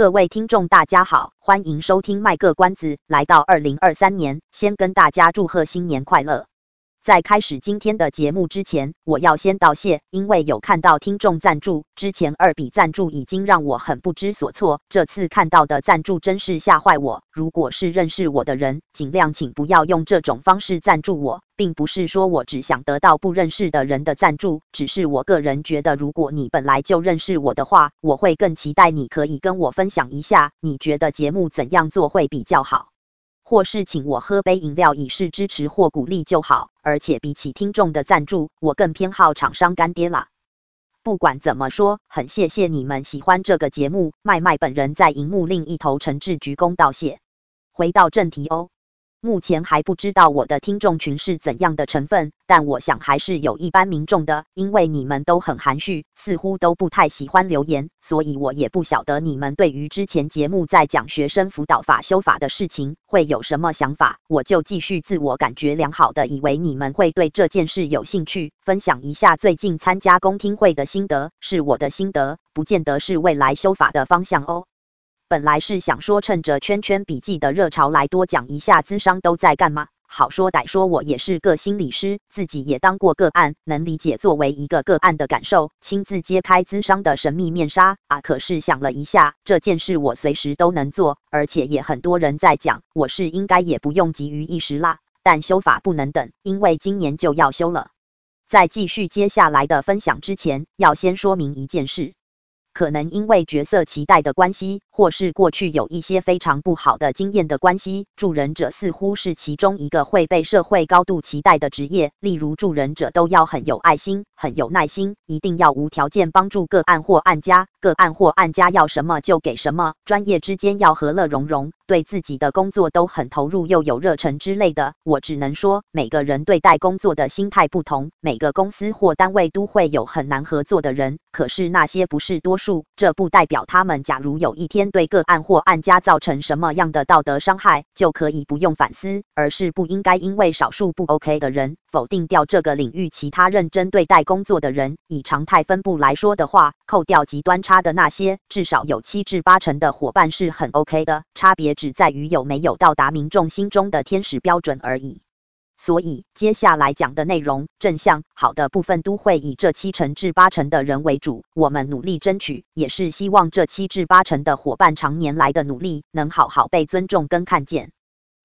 各位聽眾，大家好，歡迎收聽麥個關子，來到二零二三年，先跟大家祝賀新年快樂。在開始今天的節目之前，我要先道謝，因為有看到聽眾贊助。之前二筆贊助已經讓我很不知所措，這次看到的贊助真是嚇壞我。如果是認識我的人，盡量請不要用這種方式贊助我，並不是說我只想得到不認識的人的贊助，只是我個人覺得，如果你本來就認識我的話，我會更期待你可以跟我分享一下，你覺得節目怎樣做會比較好。或是請我喝杯飲料以示支持或鼓勵就好，而且比起聽眾的贊助，我更偏好廠商乾爹啦。不管怎麼說，很謝謝你們喜歡這個節目，麥麥本人在熒幕另一頭誠摯鞠躬道謝。回到正題哦。目前還不知道我的聽眾群是怎樣的成分，但我想還是有一般民眾的，因為你們都很含蓄，似乎都不太喜歡留言，所以我也不曉得你們對於之前節目在講學生輔導法修法的事情會有什麼想法。我就繼續自我感覺良好的以為你們會對這件事有興趣，分享一下最近參加公聽會的心得，是我的心得，不見得是未來修法的方向哦。本來是想說，趁着圈圈筆記的熱潮來多講一下諮商都在幹嘛？好說歹說，我也是個心理師，自己也當過個案，能理解作為一個個案的感受，親自揭開諮商的神秘面紗啊！可是想了一下，這件事我隨時都能做，而且也很多人在講，我是應該也不用急於一時啦。但修法不能等，因為今年就要修了。在繼續接下來的分享之前，要先說明一件事。可能因為角色期待的關係，或是過去有一些非常不好的經驗的關係，助人者似乎是其中一個會被社會高度期待的職業。例如，助人者都要很有愛心、很有耐心，一定要無條件幫助個案或案家，個案或案家要什麼就給什麼，專業之間要和樂融融。對自己的工作都很投入，又有熱忱之類的，我只能說，每個人對待工作的心態不同，每個公司或單位都會有很難合作的人，可是那些不是多數，這不代表他們假如有一天對個案或案家造成什麼樣的道德傷害，就可以不用反思，而是不應該因為少數不 OK 的人否定掉這個領域其他認真對待工作的人。以常態分布來說的話，扣掉極端差的那些，至少有七至八成的夥伴是很 OK 的，差別只在於有沒有到達民眾心中的天使標準而已。所以接下來講的內容，正向好的部分都會以這七成至八成的人為主，我們努力爭取，也是希望這七至八成的伙伴常年來的努力，能好好被尊重跟看見。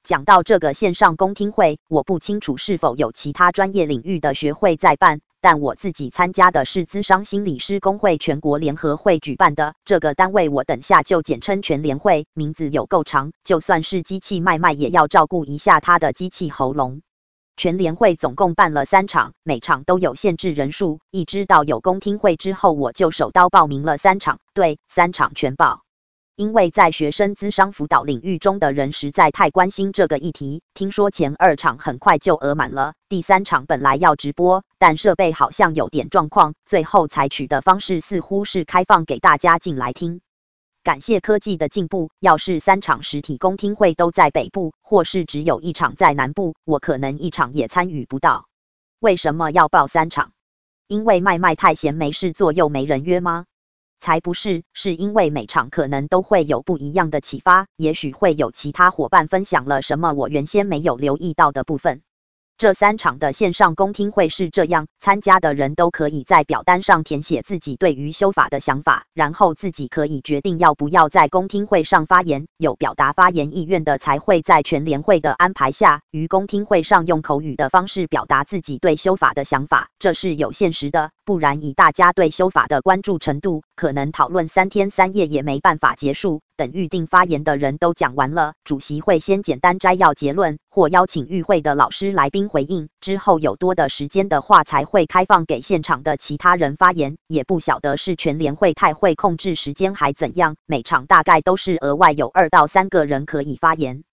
講到這個線上公聽會，我不清楚是否有其他專業領域的學會在辦，但我自己參加的是諮商心理師公會全國聯合會舉辦的。這個單位我等下就簡稱全聯會，名字有夠長，就算是機器麥麥也要照顧一下他的機器喉嚨。全聯會總共辦了三場，每場都有限制人數。一知道有公聽會之後，我就手刀報名了三場，對，三場全報。因為在學生諮商輔導領域中的人實在太關心這個議題，聽說前二場很快就額滿了，第三場本來要直播，但設備好像有點狀況，最後採取的方式似乎是開放給大家進來聽。感謝科技的進步，要是三場實體公聽會都在北部，或是只有一場在南部，我可能一場也參與不到。為什麼要報三場？因為麥麥太閒沒事做又沒人約嗎？才不是，是因為每場可能都會有不一樣的啟發，也許會有其他夥伴分享了什麼我原先沒有留意到的部分。這三場的線上公聽會是這樣：參加的人都可以在表單上填寫自己對於修法的想法，然後自己可以決定要不要在公聽會上發言。有表達發言意願的，才會在全聯會的安排下於公聽會上用口語的方式表達自己對修法的想法。這是有限時的，不然以大家對修法的關注程度，可能討論三天三夜也沒辦法結束。等預定發言的人都講完了，主席會先簡單摘要結論。或邀請與會的老師、來賓回應之後，有多的時間的話，才會開放給現場的其他人發言。也不曉得是全聯會太會控制時間，還怎樣？每場大概都是額外有二到三個人可以發言。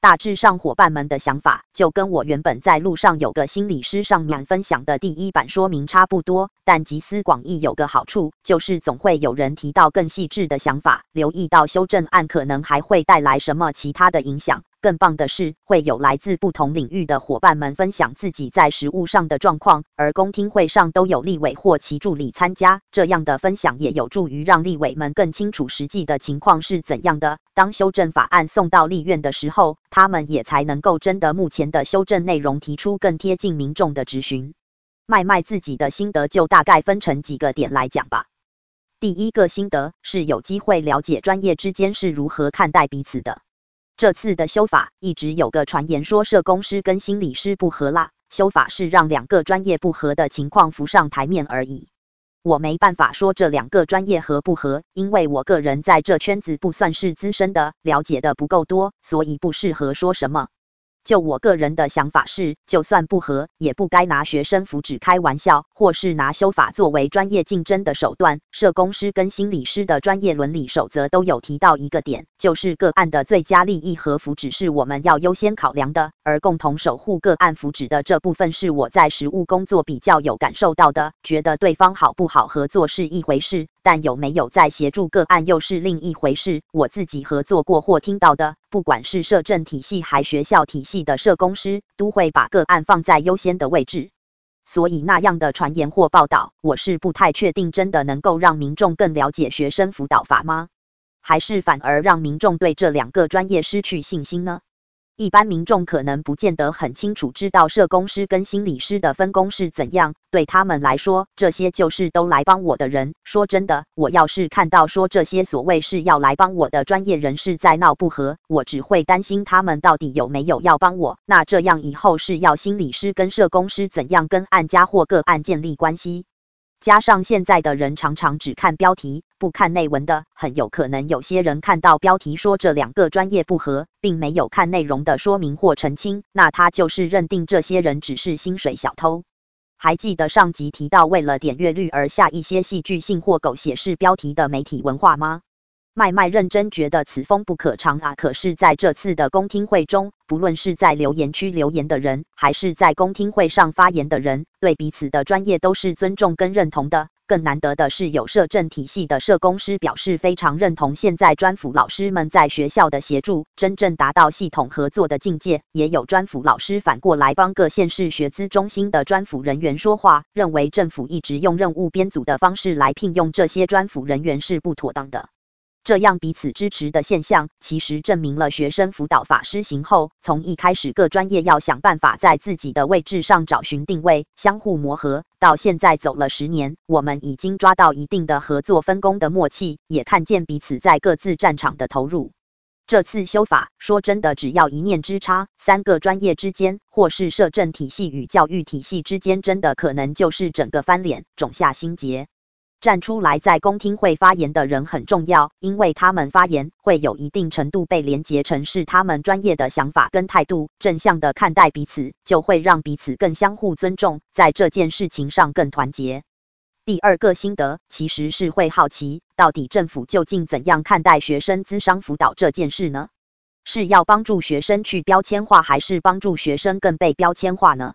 大致上，夥伴們的想法就跟我原本在路上有個心理師上面分享的第一版說明差不多。但集思廣益有個好處，就是總會有人提到更細緻的想法，留意到修正案可能還會帶來什麼其他的影響。更棒的是，會有來自不同領域的夥伴們分享自己在實務上的狀況，而公聽會上都有立委或其助理參加，這樣的分享也有助於讓立委們更清楚實際的情況是怎樣的。當修正法案送到立院的時候，他們也才能夠真的目前的修正內容提出更貼近民眾的質詢。麥麥自己的心得就大概分成幾個點來講吧。第一個心得是有機會了解專業之間是如何看待彼此的。這次的修法一直有個傳言說社工師跟心理師不合啦，修法是讓兩個專業不合的情況浮上台面而已。我沒辦法說這兩個專業合不合，因為我個人在這圈子不算是資深的，了解的不夠多，所以不適合說什麼。就我個人的想法是，就算不合，也不該拿學生福祉開玩笑，或是拿修法作為專業競爭的手段。社工師跟心理師的專業倫理守則都有提到一個點，就是個案的最佳利益和福祉是我們要優先考量的，而共同守護個案福祉的這部分，是我在實務工作比較有感受到的。覺得對方好不好合作是一回事。但有沒有在協助個案又是另一回事。我自己合作過或聽到的，不管是社政體系還學校體系的社工師，都會把個案放在優先的位置。所以那樣的傳言或報道，我是不太確定真的能夠讓民眾更了解學生輔導法嗎？還是反而讓民眾對這兩個專業失去信心呢？一般民眾可能不見得很清楚，知道社工師跟心理師的分工是怎樣。對他們來說，這些就是都來幫我的人。說真的，我要是看到說這些所謂是要來幫我的專業人士在鬧不和，我只會擔心他們到底有沒有要幫我。那這樣以後是要心理師跟社工師怎樣跟案家或個案建立關係？加上現在的人常常只看標題。不看內文的，很有可能有些人看到標題說這兩個專業不合，並沒有看內容的說明或澄清，那他就是認定這些人只是薪水小偷。還記得上集提到為了點閱率而下一些戲劇性或狗血式標題的媒體文化嗎？麥麥認真覺得此風不可長啊！可是在這次的公聽會中，不論是在留言區留言的人，還是在公聽會上發言的人，對彼此的專業都是尊重跟認同的。更難得的是，有社政體系的社工師表示非常認同現在專輔老師們在學校的協助，真正達到系統合作的境界。也有專輔老師反過來幫各縣市學諮中心的專輔人員說話，認為政府一直用任務編組的方式來聘用這些專輔人員是不妥當的。這樣彼此支持的現象，其實證明了學生輔導法施行後，從一開始各專業要想辦法在自己的位置上找尋定位，相互磨合，到現在走了十年，我們已經抓到一定的合作分工的默契，也看見彼此在各自戰場的投入。這次修法，說真的，只要一念之差，三個專業之間，或是社政體系與教育體系之間，真的可能就是整個翻臉，種下心結。站出來在公聽會發言的人很重要，因為他們發言會有一定程度被連結成是他們專業的想法跟態度。正向的看待彼此，就會讓彼此更相互尊重，在這件事情上更團結。第二個心得其實是會好奇，到底政府究竟怎樣看待學生諮商輔導這件事呢？是要幫助學生去標籤化，還是幫助學生更被標籤化呢？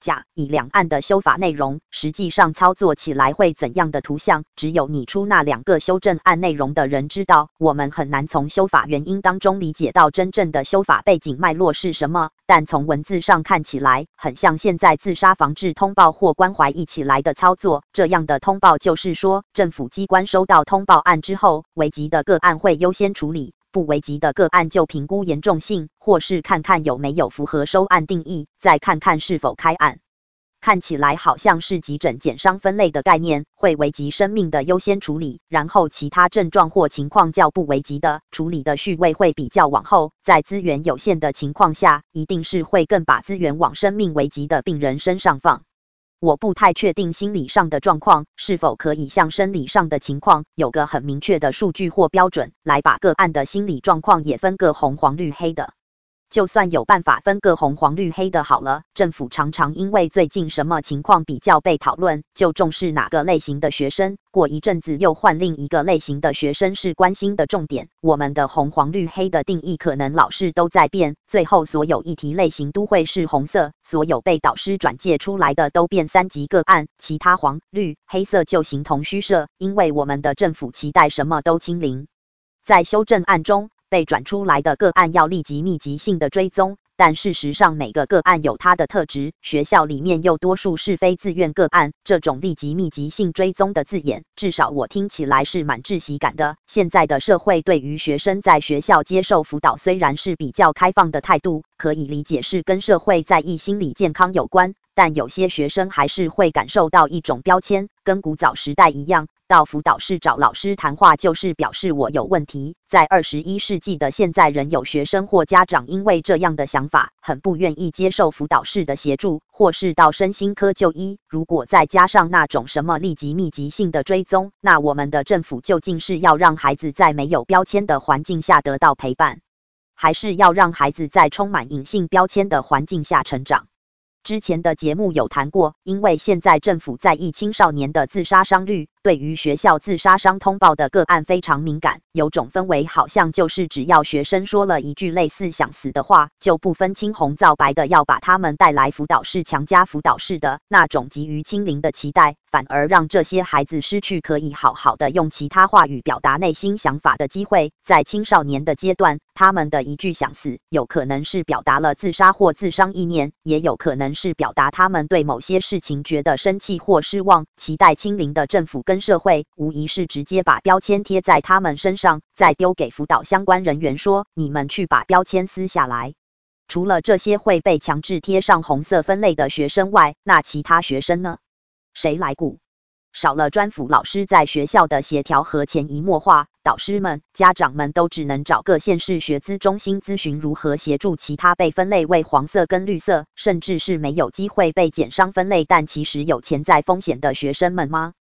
甲乙兩案的修法內容，實際上操作起來會怎樣的圖像，只有擬出那兩個修正案內容的人知道。我們很難從修法原因當中理解到真正的修法背景脈絡是什麼，但從文字上看起來，很像現在自殺防治通報或關懷一起來的操作。這樣的通報就是說，政府機關收到通報案之後，危急的個案會優先處理。不危急的個案就評估嚴重性，或是看看有沒有符合收案定義，再看看是否開案。看起來好像是急診檢傷分類的概念，會危及生命的優先處理，然後其他症狀或情況較不危急的處理的序位會比較往後。在資源有限的情況下，一定是會更把資源往生命危急的病人身上放。我不太確定心理上的狀況是否可以像生理上的情況有個很明確的數據或標準來把個案的心理狀況也分個紅黃綠黑的。就算有辦法分個紅、黃、綠、黑的，好了。政府常常因為最近什麼情況比較被討論，就重視哪個類型的學生。過一陣子又換另一個類型的學生是關心的重點。我們的紅、黃、綠、黑的定義可能老是都在變，最後所有議題類型都會是紅色。所有被導師轉介出來的都變三級個案，其他黃、綠、黑色就形同虛設，因為我們的政府期待什麼都清零。在修正案中，被轉出來的個案要立即密集性的追蹤，但事實上每個個案有它的特質，學校裡面又多數是非自願個案，這種立即密集性追蹤的字眼，至少我聽起來是蠻窒息感的。現在的社會對於學生在學校接受輔導，雖然是比較開放的態度，可以理解是跟社會在意心理健康有關。但有些學生還是會感受到一種標籤，跟古早時代一樣，到輔導室找老師談話就是表示我有問題。在二十一世紀的現在，仍有學生或家長因為這樣的想法，很不願意接受輔導室的協助，或是到身心科就醫。如果再加上那種什麼立即密集性的追蹤，那我們的政府究竟是要讓孩子在沒有標籤的環境下得到陪伴，還是要讓孩子在充滿隱性標籤的環境下成長？之前的節目有談過，因為現在政府在意青少年的自殺傷率，對於學校自殺傷通報的個案非常敏感。有種氛圍，好像就是只要學生說了一句類似想死的話，就不分青紅皂白的要把他們帶來輔導室，強加輔導室的那種急於清零的期待。反而讓這些孩子失去可以好好的用其他話語表達內心想法的機會。在青少年的階段，他們的一句“想死”，有可能是表達了自殺或自傷意念，也有可能是表達他們對某些事情覺得生氣或失望。期待清零的政府跟社會，無疑是直接把標籤貼在他們身上，再丟給輔導相關人員說：“你們去把標籤撕下來。”除了這些會被強制貼上紅色分類的學生外，那其他學生呢？誰來顧？少了專輔老師在學校的協調和潛移默化，導師們、家長們都只能找個縣市學資中心諮詢如何協助其他被分類為黃色跟綠色，甚至是沒有機會被檢傷分類，但其實有潛在風險的學生們嗎？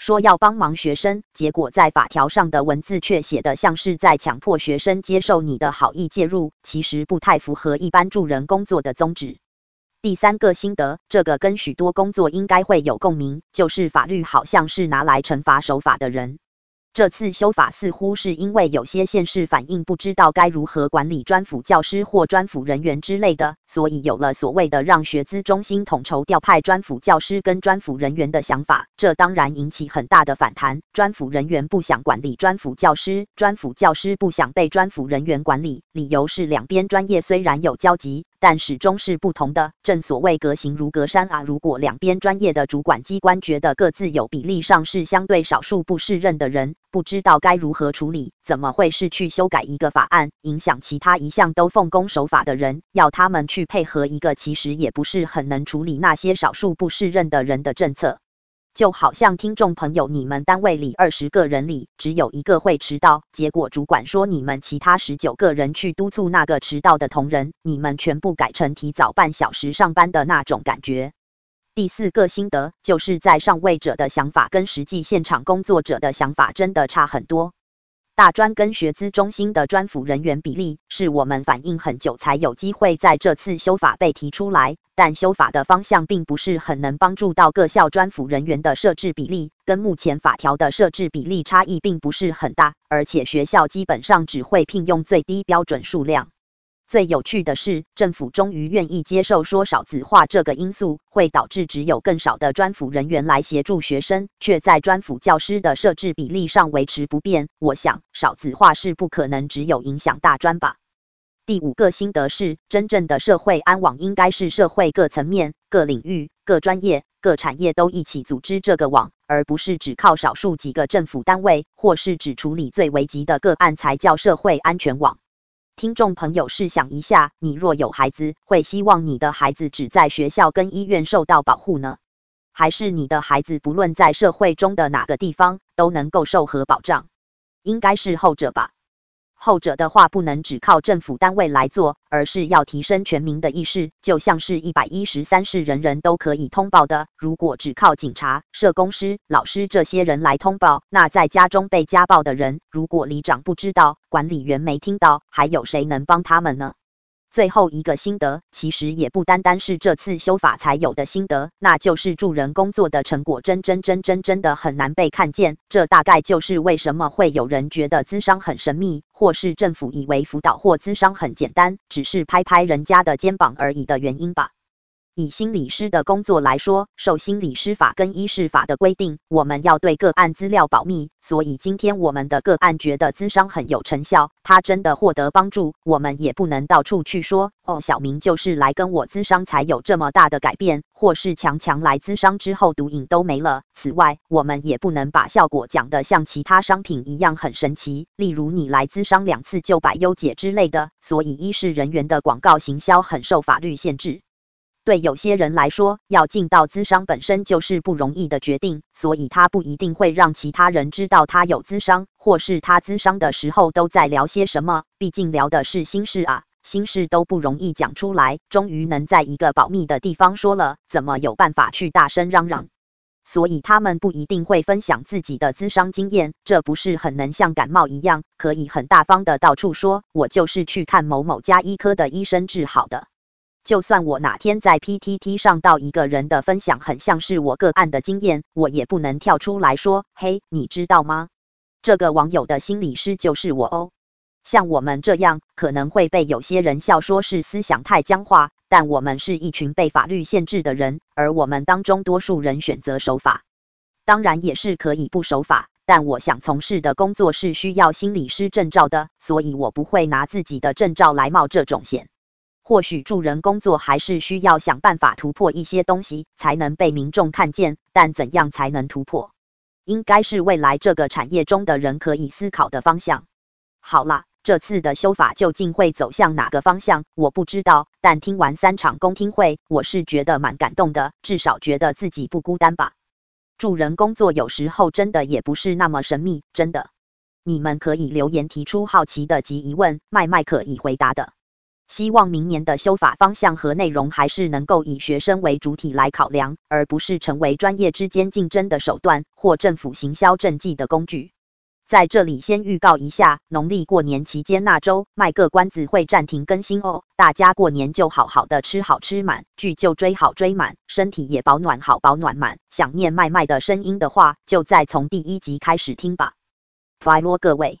說要幫忙學生，結果在法條上的文字卻寫得像是在強迫學生接受你的好意介入，其實不太符合一般助人工作的宗旨。第三個心得，這個跟許多工作應該會有共鳴，就是法律好像是拿來懲罰守法的人。這次修法似乎是因為有些縣市反映不知道該如何管理專輔教師或專輔人員之類的，所以有了所謂的讓學資中心統籌調派專輔教師跟專輔人員的想法。這當然引起很大的反彈，專輔人員不想管理專輔教師，專輔教師不想被專輔人員管理。理由是兩邊專業雖然有交集，但始終是不同的。正所謂隔行如隔山啊！如果兩邊專業的主管機關覺得各自有比例上是相對少數不適任的人，不知道該如何處理，怎麼會是去修改一個法案，影響其他一向都奉公守法的人，要他們去配合一個其實也不是很能處理那些少數不適任的人的政策？就好像聽眾朋友，你們單位裡二十個人裡只有一個會遲到，結果主管說你們其他十九個人去督促那個遲到的同仁，你們全部改成提早半小時上班的那種感覺。第四個心得就是在上位者的想法跟實際現場工作者的想法真的差很多。大專跟學資中心的專輔人員比例是我們反映很久才有機會在這次修法被提出來，但修法的方向並不是很能幫助到各校專輔人員的設置比例，跟目前法條的設置比例差異並不是很大，而且學校基本上只會聘用最低標準數量。最有趣的是，政府終於願意接受說少子化這個因素會導致只有更少的專輔人員來協助學生，卻在專輔教師的設置比例上維持不變。我想，少子化是不可能只有影響大專吧？第五個心得是，真正的社會安網應該是社會各層面、各領域、各專業、各產業都一起組織這個網，而不是只靠少數幾個政府單位，或是只處理最危急的個案才叫社會安全網。聽眾朋友，試想一下，你若有孩子，會希望你的孩子只在學校跟醫院受到保護呢？還是你的孩子不論在社會中的哪個地方都能夠受何保障？應該是後者吧。後者的話不能只靠政府單位來做，而是要提升全民的意識，就像是一百一十三是人人都可以通報的。如果只靠警察、社工師、老師這些人來通報，那在家中被家暴的人，如果里長不知道，管理員沒聽到，還有誰能幫他們呢？最後一個心得，其實也不單單是這次修法才有的心得，那就是助人工作的成果，真真真真真的很難被看見。這大概就是為什麼會有人覺得諮商很神秘，或是政府以為輔導或諮商很簡單，只是拍拍人家的肩膀而已的原因吧。以心理師的工作來說，受心理師法跟醫師法的規定，我們要對個案資料保密。所以今天我們的個案覺得諮商很有成效，他真的獲得幫助，我們也不能到處去說哦。小明就是來跟我諮商才有這麼大的改變，或是強強來諮商之後毒癮都沒了。此外，我們也不能把效果講得像其他商品一樣很神奇，例如你來諮商兩次就百憂解之類的。所以醫事人員的廣告行銷很受法律限制。對有些人來說，要進到諮商本身就是不容易的決定，所以他不一定會讓其他人知道他有諮商，或是他諮商的時候都在聊些什麼。畢竟聊的是心事啊，心事都不容易講出來，終於能在一個保密的地方說了，怎麼有辦法去大聲嚷嚷？所以他們不一定會分享自己的諮商經驗，這不是很能像感冒一樣，可以很大方的到處說“我就是去看某某家醫科的醫生治好的”。就算我哪天在 PTT 上到一個人的分享，很像是我個案的經驗，我也不能跳出來說：“嘿，你知道嗎？這個網友的心理師就是我哦。”像我們這樣，可能會被有些人笑說是思想太僵化，但我們是一群被法律限制的人，而我們當中多數人選擇守法。當然也是可以不守法，但我想從事的工作是需要心理師證照的，所以我不會拿自己的證照來冒這種險。或許助人工作還是需要想辦法突破一些東西，才能被民眾看見。但怎樣才能突破，應該是未來這個產業中的人可以思考的方向。好啦，這次的修法究竟會走向哪個方向，我不知道。但聽完三場公聽會，我是覺得蠻感動的，至少覺得自己不孤單吧。助人工作有時候真的也不是那麼神秘，真的。你們可以留言提出好奇的及疑問，麥麥可以回答的。希望明年的修法方向和內容還是能夠以學生為主體來考量，而不是成為專業之間競爭的手段或政府行銷政績的工具。在這裡先預告一下，農曆過年期間那周賣個關子會暫停更新哦。大家過年就好好的吃好吃滿，劇就追好追滿，身體也保暖好保暖滿。想念麥麥的聲音的話，就再從第一集開始聽吧。拜囉各位。